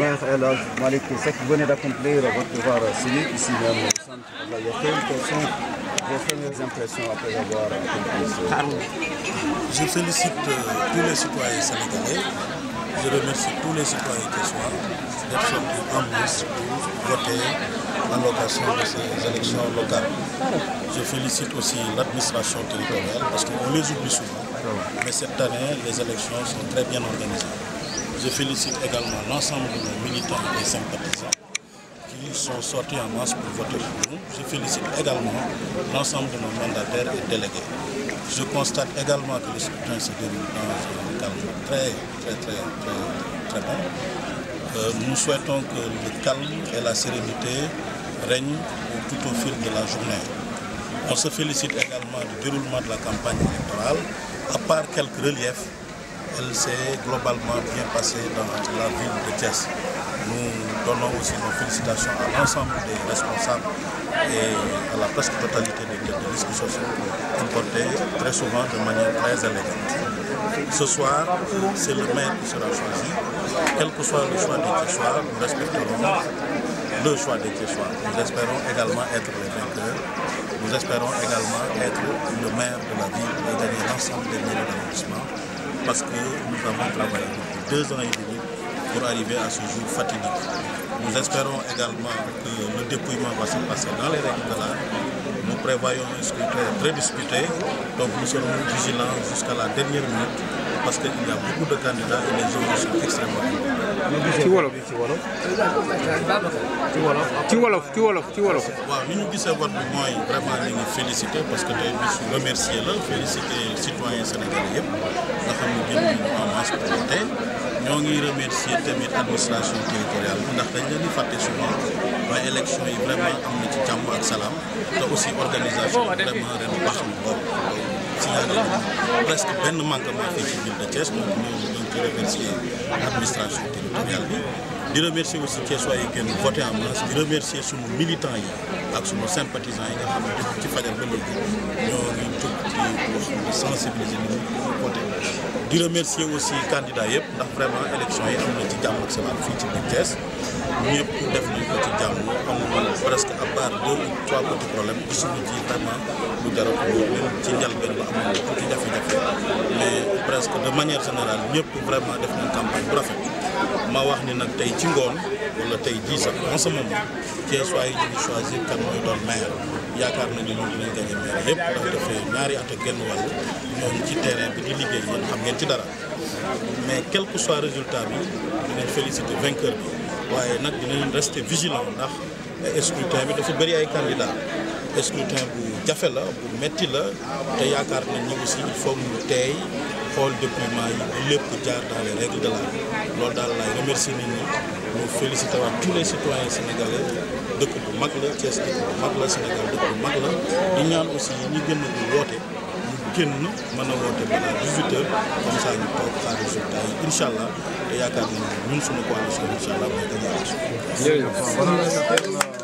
Maître Elhaj Malik vous venait d'accomplir votre devoir civique ici même au centre de la Yatel. Quelles sont vos premières impressions après avoir accompli ce Je félicite euh, tous les citoyens sénégalais. Je remercie tous les citoyens qui soient d'être sortis en masse pour voter à l'occasion de ces élections locales. Je félicite aussi l'administration territoriale parce qu'on les oublie souvent. Mais cette année, les élections sont très bien organisées. Je félicite également l'ensemble de nos militants et sympathisants qui sont sortis en masse pour voter pour nous. Je félicite également l'ensemble de nos mandataires et délégués. Je constate également que le scrutin se déroule dans un calme très, très, très, très, bon. Euh, nous souhaitons que le calme et la sérénité règnent tout au fil de la journée. On se félicite également du déroulement de la campagne électorale, à part quelques reliefs elle s'est globalement bien passée dans la ville de Thiès. Nous donnons aussi nos félicitations à l'ensemble des responsables et à la presque totalité des discussions de qui très souvent de manière très élégante. Ce soir, c'est le maire qui sera choisi. Quel que soit le choix de ce soir, nous respecterons le choix de ce soir. Nous espérons également être les vainqueurs. Nous espérons également être le maire de la ville et gagner l'ensemble des de d'arrondissement parce que nous avons travaillé depuis deux ans et demi pour arriver à ce jour fatidique. Nous espérons également que le dépouillement va se passer dans les règles de l'art. Nous prévoyons un scrutin très disputé, donc nous serons vigilants jusqu'à la dernière minute parce qu'il y a beaucoup de candidats et les gens sont extrêmement Tu vois Tu vois vraiment parce que je remercier la félicité sénégalais pour remercier l'administration territoriale Nous avons fait des vraiment un aussi organisation vraiment signalé presque benn manquement fii ci ville de Thiès donc ñoo ngi doon ci remercier administration territoriale bi di remercier aussi Thiessois yi gën voté en masse di remercier sunu militants yi ak suma sympathisants yi nga xam ne depuis ci fajar ba léegi ñoo ngi jóg di wax sensibiliser nit ñi pour voté. di remercier aussi candidat yëpp ndax vraiment élection yi am na ci jàmm ak salaam fii ci biir Thiès ñëpp def nañ ko ci jàmm amul presque à part deux ou trois petits problèmes ci vraiment lu jaral ko même ci njalbeen ba amoon na tuuti jafe-jafe mais presque de manière générale ñëpp vraiment def nañ campagne bu rafet ma wax ni nag tey ci ngoon wala tey jii sax en ce moment Thiès waa yi choisir kan mooy doon maire yaakaar nañu ñu dinañ gañe maire yëpp ndax dafay ñaari at ak genn wàll ñoom ci terrain bi di liggéey yéen xam ngeen ci dara mais quel que soit résultat bi dinañ féliciter vainqueur bi waaye nag dinañ rester vigilant ndax scrutin bi dafa bëri ay candidat scrutin bu jafe la bu metti la te yaakaar nañ ñu aussi il faut ñu teey xool déploiement yi lépp jaar dans les règles de l'art loolu daal laay remercier nit ñi ñu félicité waat tous les citoyens sénégalais dëkk bu mag la Thiès dëkk bu mag la Sénégal dëkk bu mag la di ñaan aussi ñi gën a woote ñu génn mën a woote balaa 18 heures comme ça ñu toog xaar résultat yi incha te yaakaar nañu ñun suñu coalition incha allah mooy gën a